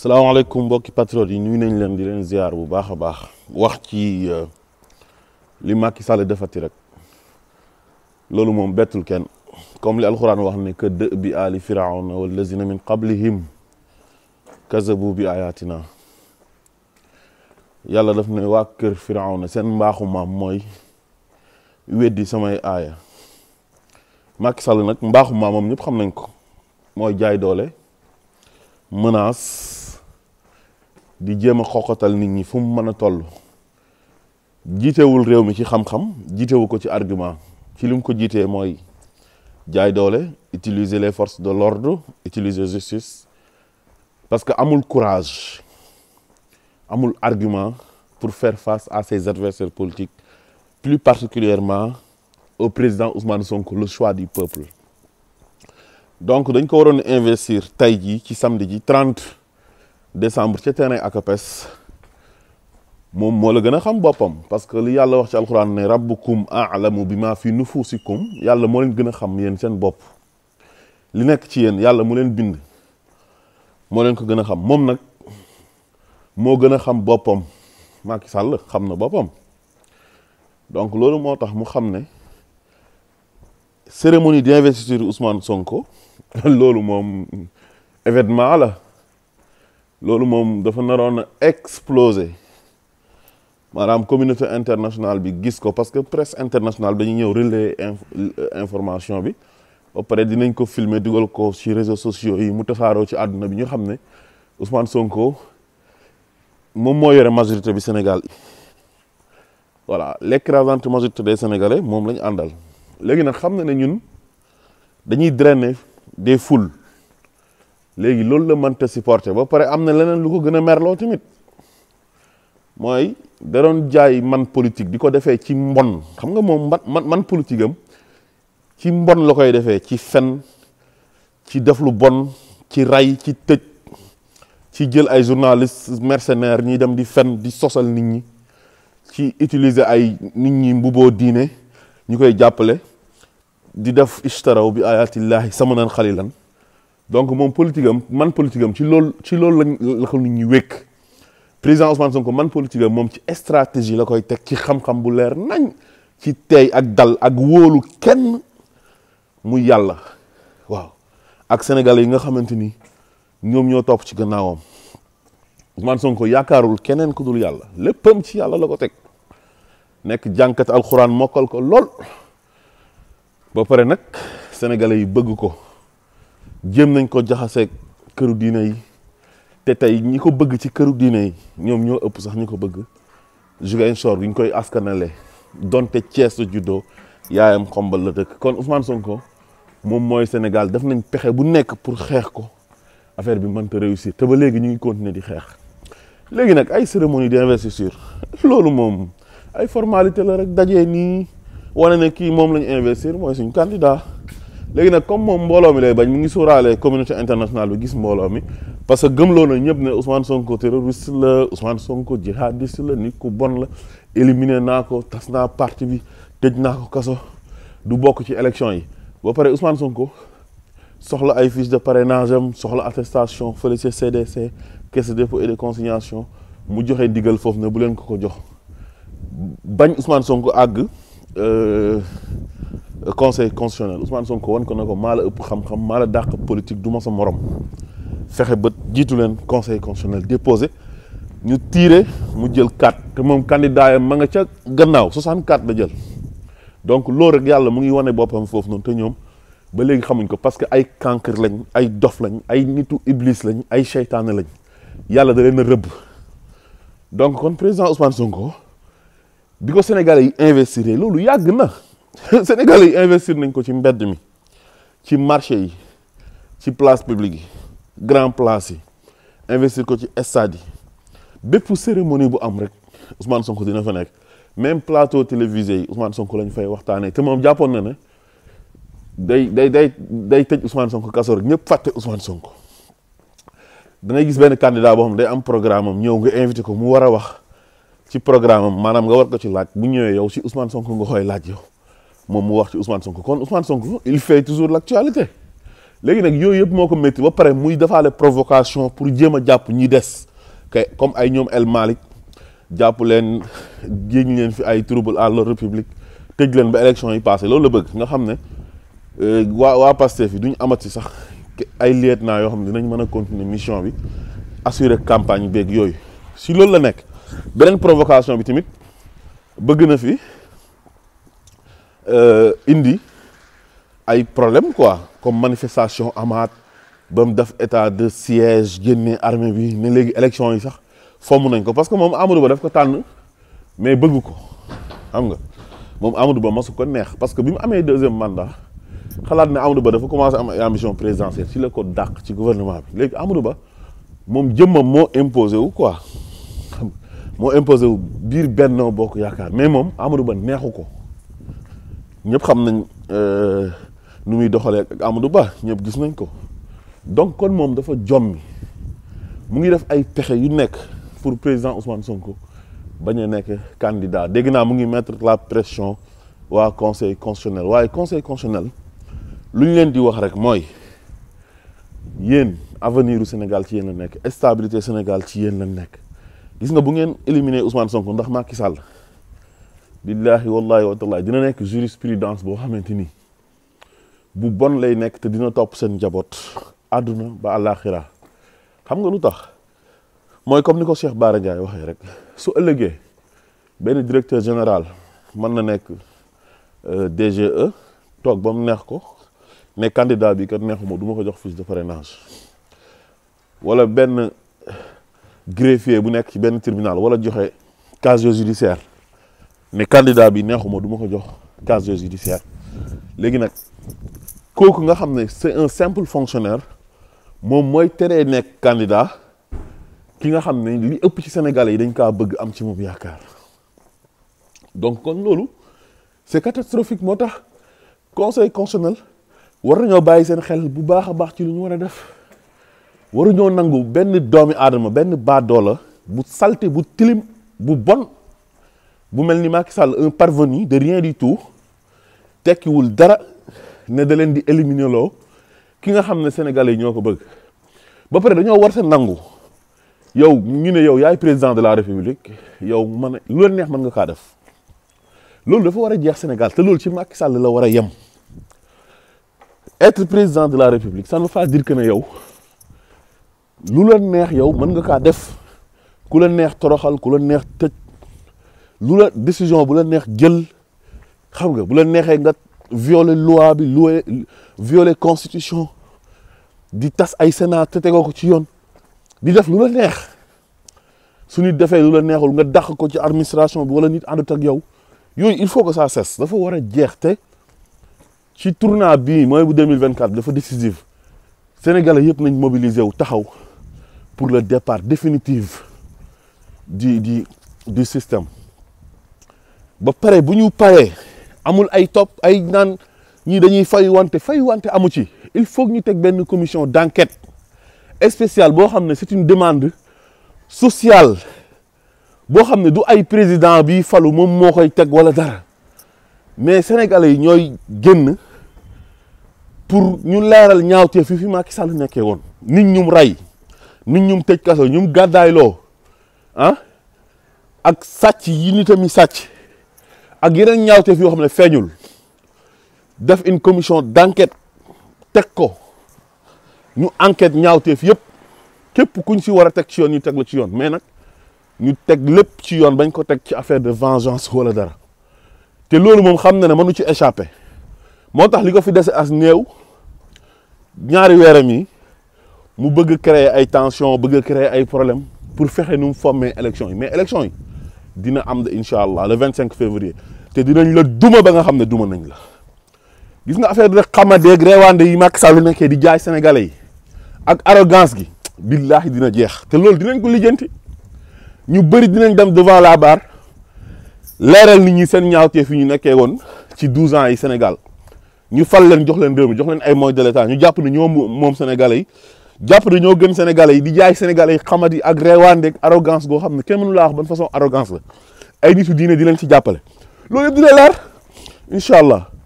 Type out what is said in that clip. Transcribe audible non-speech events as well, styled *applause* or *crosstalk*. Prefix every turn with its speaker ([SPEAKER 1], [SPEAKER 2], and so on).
[SPEAKER 1] salaamaaleykum mbokki patriote yi nuyu nañ leen di leen ziar bu baax a baax wax ci euh, li Macky Sall defati rek loolu moom bettul kenn comme li alxuraan wax ne que dë bi aali firawna wallazina min qablihim kazabu bi ayatina yàlla def ne waa kër firawna seen mbaaxu maam mooy weddi samay aaya Macky Sall nag mbaaxu maamam ñépp xam nañ ko mooy jaay doole menace di jéem a xoqatal nit ñi fu mu mën a toll jiitewul réew mi ci xam-xam jiitewu ko ci argument ci li ko jiitee mooy jaay doole utiliser les forces de l'ordre utiliser justice parce que amul courage amul argument pour faire face à ses adversaires politiques plus particulièrement au président Ousmane Sonko le choix du peuple donc dañ ko waroon investir tey jii ci samedi ji décembre ca terrain ACAPES moom moo la gën a xam boppam parce que li yàlla wax ci alxuraan ne rabbukum aalamu bi maa fi nufuusikum yàlla moo leen gën a xam yéen seen bopp li nekk ci yéen yàlla mu leen bind moo leen ko gën a xam moom nag moo gën a xam boppam Macky Sall xam na boppam donc loolu moo tax mu xam ne cérémonie d'investiture Ousmane Sonko *laughs* loolu moom événement la loolu moom dafa naroon a exploser maanaam communauté internationale bi gis ko parce que presse internationale dañuy ñëw relais euh, information bi ba pare dinañ ko filmer dugal ko ci réseaux sociaux yi mu tasaaroo ci àdduna bi ñu xam ne Ousmane Sonko moom moo yore majorité bi Sénégal voilà l'écrasante majorité de Sénégalais moom la ñu àndal léegi nag xam na ne ñun dañuy drainer des foules léegi loolu la mënta supporter ba pare am na leneen lu ko gën a merloo tamit mooy da doon jaay man politique di ko defee ci mbon xam nga moom man man politique am ci mbon la koy defee ci fen ci def lu bon ci ray ci tëj ci jël ay journalistes mercenaires ñi dem di fen di sosal nit ñi ci utiliser ay nit ñi mbuboo diine ñu koy jàppale di def ishtaraw bi sama samanan xalilan donc moom politique am man politique am ci loolu ci loolu la ko nit ñi wékk président Ousmane Sonko man politique moom ci stratégie la koy teg ci xam-xam bu leer nañ ci tey ak dal ak wóolu kenn mu yàlla waaw ak sénégalais yi nga xamante ni ñoom ñoo topp ci gannaawam Ousmane Sonko yaakaarul keneen ku dul yàlla léppam ci yàlla la ko teg nekk jànkat alxuraan mokkal ko lool ba pare nag sénégalais yi bëgg ko. jéem nañ ko jaxaseeg këru diina yi te tey ñi ko bëgg ci këru diina yi ñoom ñoo ëpp sax ñi ko bëgg Ziguinchor gi ñu koy askanale donte Thiès su juddoo yaayam xombal la dëkk kon Ousmane Sonko moom mooy Sénégal def nañ pexe bu nekk pour xeex ko affaire bi mënta réussir te ba léegi ñu ngi continuer di xeex léegi nag ay cérémonie d'investiture loolu moom ay formalité la rek dajee nii wane ne kii moom lañu investir mooy suñu candidat léegi nag comme moom mbooloo mi lay bañ mu ngi suuraale communauté internationale bi gis mbooloo mi parce que gëm na ñëpp ne Ousmane Sonko terroriste la Ousmane Sonko jihadiste la nit ku bon la éliminer naa ko tas naa parti bi tëj naa ko kaso du bokk ci élection yi ba pare Ousmane Sonko soxla ay fiche de parrainage am soxla attestation fële ca CDC caisse de dépôt et de consignation mu joxe diggal foofu ne bu leen ko ko jox bañ Ousmane Sonko àgg. Euh, conseil constitutionnel Ousmane Sonko wan ko ko maa la ëpp xam-xam maa la dàq politique du ma sa morom fexe ba jiitu leen conseil constitutionnel déposé ñu tiire mu jël 4 te moom candidat yam ma nga ca gannaaw 64 la jël donc loolu rek yàlla mu ngi wane boppam foofu noonu te ñoom ba léegi xamuñ ko parce que ay cancre lañ ay dof lañ ay nitu iblis lañ ay seytaane lañ yàlla da leen rëbb donc kon président Ousmane Sonko bi ko yi investir loolu yàgg na. *laughs* Sénégal yi investir nañ ko ci mbedd mi ci marché yi ci place publique yi grand place yi investir ko ci stade yi bépp cérémonie bu am rek Ousmane Sonko dina fa nekk même plateau télévisé yi Ousmane Sonko lañ fay waxtaanee te moom jàppoon na ne day day day day tëj Ousmane Sonko kaso ñëpp fàtte Ousmane Sonko da ngay gis benn candidat boo xam day am programme am ñëw nga invité ko mu war a wax ci programme maanaam nga war ko ci laaj bu ñëwee yow si Ousmane Sonko nga koy laaj yow. moom mu wax ci Ousmane Sonko kon Ousmane Sonko il fait toujours l' actualité léegi nag yooyu yëpp moo ko métti ba pare muy defaale provocation pour jéem a jàpp ñi des kay comme ay ñoom El Malick jàpp leen jéñ leen fi ay trouble à l'ordre public tëj leen ba élection yi passé loolu la bëgg nga xam ne euh, waa waa Pastef yi amat amati sax ay lieutenant yoo xam ne dinañ mën a continuer mission bi assurer campagne beeg yooyu si loolu la nekk beneen provocation bi tamit bëgg na fi. Euh, indi ay problème quoi comme manifestation amaat ba mu def état de siège génne armée bi ni léegi élection yi sax fomm nañ ko parce que moom Amadou Ba daf ko tànn mais bëgg ko xam nga moom Amadou Ba masu ko neex parce que bi mu amee deuxième mandat xalaat ne Amadou Ba dafa commencé am ay ambition présidentielle si la ko dàq ci gouvernement bi léegi Amadou Ba moom jëmmam moo imposé wu quoi moo imposé wu biir Benno Bokk Yaakaar mais moom Amadou Ba neexu ko. ñëpp xam nañ euh, nu muy doxalee ak du Ba ñëpp gis nañ ko donc kon moom dafa jommi mu ngi def ay pexe yu nekk pour président Ousmane Sonko bañ a nekk kandidaa dégg naa mu ngi mettre la pression waa conseil constitutionnel waaye conseil constitutionnel lu ñu leen di wax rek mooy yéen avenir u Sénégal ci yéen la nekk stabilité Sénégal ci yéen la nekk gis nga bu ngeen éliminer Ousmane Sonko ndax Macky Sall billaahi wallaahi watallaahi dina nekk jurisprudence boo xamante ni bu bon lay nekk te dina topp seen njaboot àdduna ba àllaaxira xam nga lu tax mooy comme ni ko Cheikh Bara Ndiaye waxee rek su ëllëgee benn directeur général mën na nekk euh, DGE toog ba mu neex ko ne candidat bi kat neexuma du ma ko jox fiche de parrainage wala benn greffier bu nekk ci benn tribunal wala joxe casier judiciaire mais candidat bi neexuma duma ko jox casier judiciaire léegi nag kooku nga xam ne c'est un simple fonctionnaire moom mooy tere nekk candidat ki nga xam ne li ëpp ci Sénégalais yi dañ kaa bëgg am ci moom yaakaar donc kon loolu c'est catastrophique moo tax conseil constitutionnel war nañoo bàyyi seen xel bu baax a baax ci lu ñu war a def waruñoo nangu benn doomi aadama benn baadoola bu salte bu tilim bu bon bu mel ni Macky Sall un parvenu de rien du tout tekkiwul dara ne da leen di éliminer loo ki nga xam ne sénégalais yi ñoo ko bëgg ba pare dañoo war sa nangu yow ñu ne yow yaay président de la république yow man lu la neex mën nga kaa def loolu dafa war a jeex Sénégal te loolu ci Macky Sall la war a yem être président de la république san ne veut pas dire que ne yow lu la neex yow mën nga kaa def ku la neex toroxal ku la neex tëj. lu la décision bu la neex jël xam nga bu la neexee nga violer loi bi loi violer constitution di tas ay sénat te tegoo ko ci yoon di def lu la neex su nit defee lu la neexul nga dàq ko ci administration bi wala nit àndut teg yow yooyu il faut que ça cesse dafa war a jeex te ci tournant bi mooy bu 2024 dafa décisif Sénégalais yëpp nañ mobiliser wu taxaw pour le départ définitif du di du système ba pare bu ñu paree amul ay topp ay naan ñii dañuy fay wante fay wante amu ci il faut ñu teg benn commission d' enquête spéciale boo xam ne c' est une demande sociale boo xam ne du ay président bi falu moom moo koy teg wala dara mais sénégalais yi ñooy génn pour ñu leeral ñaawteef yi fi Macky Sall nekkee woon nit ñum rey nit ñum tëj kaso ñum gàddaayloo ah ak sàcc yi nitami sàcc ak yeneen ñaawteef yoo xam ne feeñul def une commission d' enquête teg ko ñu enquête ñaawteef yëpp képp kuñ si war a teg ci yoon ñu teg la ci yoon mais nag ñu teg lépp ci yoon bañ ko teg ci affaire de vengeance walla dara te loolu moom xam na ne mënu ci échappé moo tax li ko fi dese as néew ñaari weeram yi mu bëgg créer ay tension bëgg créer ay problème pour fexe nu mu former élection yi mais élection yi dina am de incha allah le cinq février te dinañ la duma ba nga xam ne duma nañ la gis nga affaire de xamadeeg reewaande yi Macky Sall nekkee di jaay sénégalais yi ak arrogance gi billaahi dina jeex te loolu dinañ ko lijjanti ñu bëri dinañ dem devant la barre leeral nit ñi seen ñaawtee fi ñu nekkee woon ci 12 ans yi Sénégal ñu fal leen jox leen réew mi jox leen ay moyens de l'État ñu jàpp ne ñoom moom sénégalais yi jàpp dañoo gëm sénégalais yi di jaay sénégalais yi xamat yi ak reewaandeeg arrogance goo xam ne kenn mënu laa wax ban façon arrogance la ay nitu diine di leen ci jàppale loolu di dina leer incha allah